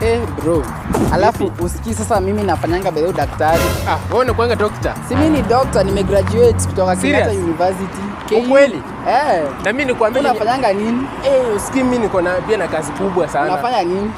Eh, bro. Alafu usikii sasa mimi nafanyanga by daktari. Ah, wewe kwanga doctor? Si mimi ni doctor, nimegraduate kutoka Kenyatta University. Ukweli? Eh. Na mimi nikwambia unafanyanga nini? Eh, usikii mimi niko na pia na kazi kubwa sana. nafanya nini?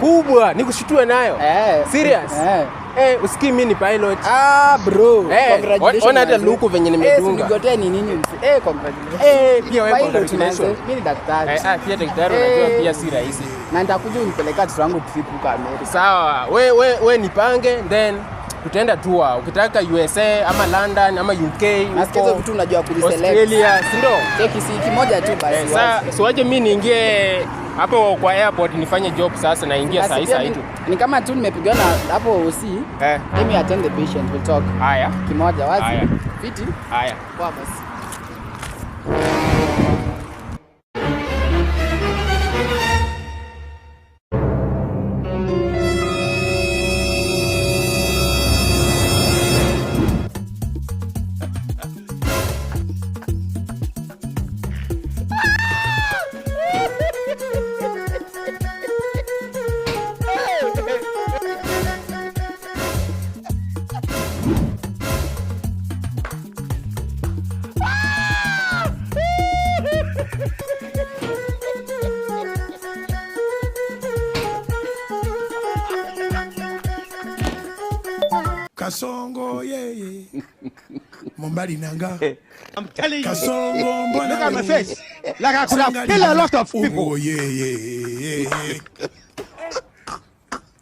Kubwa, ni nikushtue nayo. Eh. Serious? Eh. Eh, usikii mimi ni pilot. Ah, bro. Eh, congratulations. Ona hata luku venye eh, nimedunga. Eh, nigotea ni nini mse? Eh, congratulations. Eh, pia wewe congratulations. Mimi ni daktari. Eh, ah, pia daktari unajua eh. pia si rahisi na nitakuja unipeleka tatu wangu tufipuka Amerika. Sawa, we, we, we nipange then tutaenda tua, ukitaka USA ama London ama UK nasikia hizo vitu unajua kuziselect. Australia, si ndio? Cheki si kimoja tu basi. Yeah, eh, Sasa yes, siwaje mimi niingie hapo kwa airport nifanye job sasa, naingia saa hii saa hii tu. Ni kama tu nimepigwa na hapo OC. Eh. Let me attend the patient, we'll talk. Haya. Kimoja wazi. Haya. Fiti? Haya. Kwa basi. Kasongo yeye Mombali nanga I'm telling Kasongo you. mbona look at my face like I could have killed a lot of oh, people oh, yeah, yeah, yeah.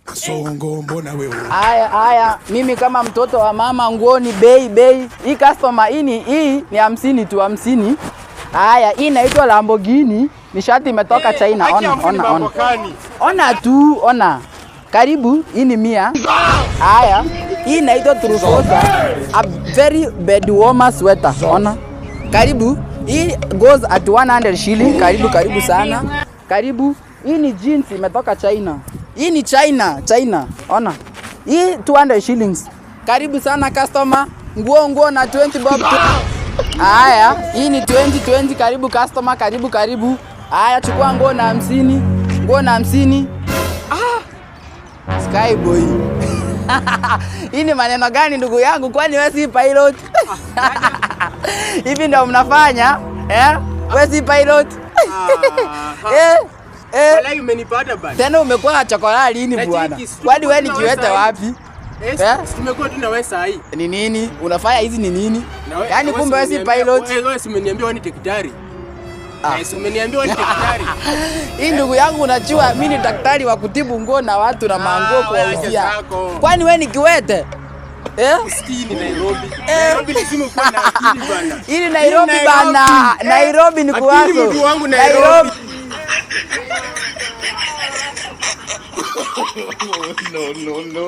Kasongo mbona wewe haya haya mimi kama mtoto wa mama nguoni bei bei hii customer ini hii ni hamsini tu hamsini Aya, hii inaitwa Lamborghini ni shati imetoka eh, China ona ona ona ona tu ona karibu hii ni mia haya hii inaitwa Trufosa, a very bed warmer sweater. Ona, karibu hii goes at 100 shilling. Karibu karibu sana, karibu. Hii ni jeans imetoka China. Hii ni China China. Ona hii 200 shillings. Karibu sana customer. Nguo nguo na 20 bob. Haya, hii ni 20 20. Karibu customer, karibu karibu. Haya, chukua nguo na 50, nguo na 50. Ah, Sky boy Hii ni maneno gani ndugu yangu? Kwani wewe si pilot? Hivi ndio mnafanya eh? Wewe si pilot? Ah, eh. Eh. Wala Umenipata bana. Tena umekuwa chokolali ni bwana. Kwani wewe ni kiwete wapi? Eh? eh? Tumekuwa tu na wewe saa hii. Ni nini? Unafanya hizi ni nini? Yaani kumbe wewe si pilot. Wewe si umeniambia eh, wewe ni daktari. Ah. Eh, umeniambiwa ni daktari. Hii ndugu yangu, unajua mimi ni daktari wa kutibu nguo na watu na ah, manguo kuwauzia. Kwani wewe ni kiwete? Eh? Sikii eh. ni Nairobi. Nairobi lazima kuwa na akili bana. Hii Nairobi bana. Eh, Nairobi ni kuwazo. Ndugu wangu Nairobi. No, no, no.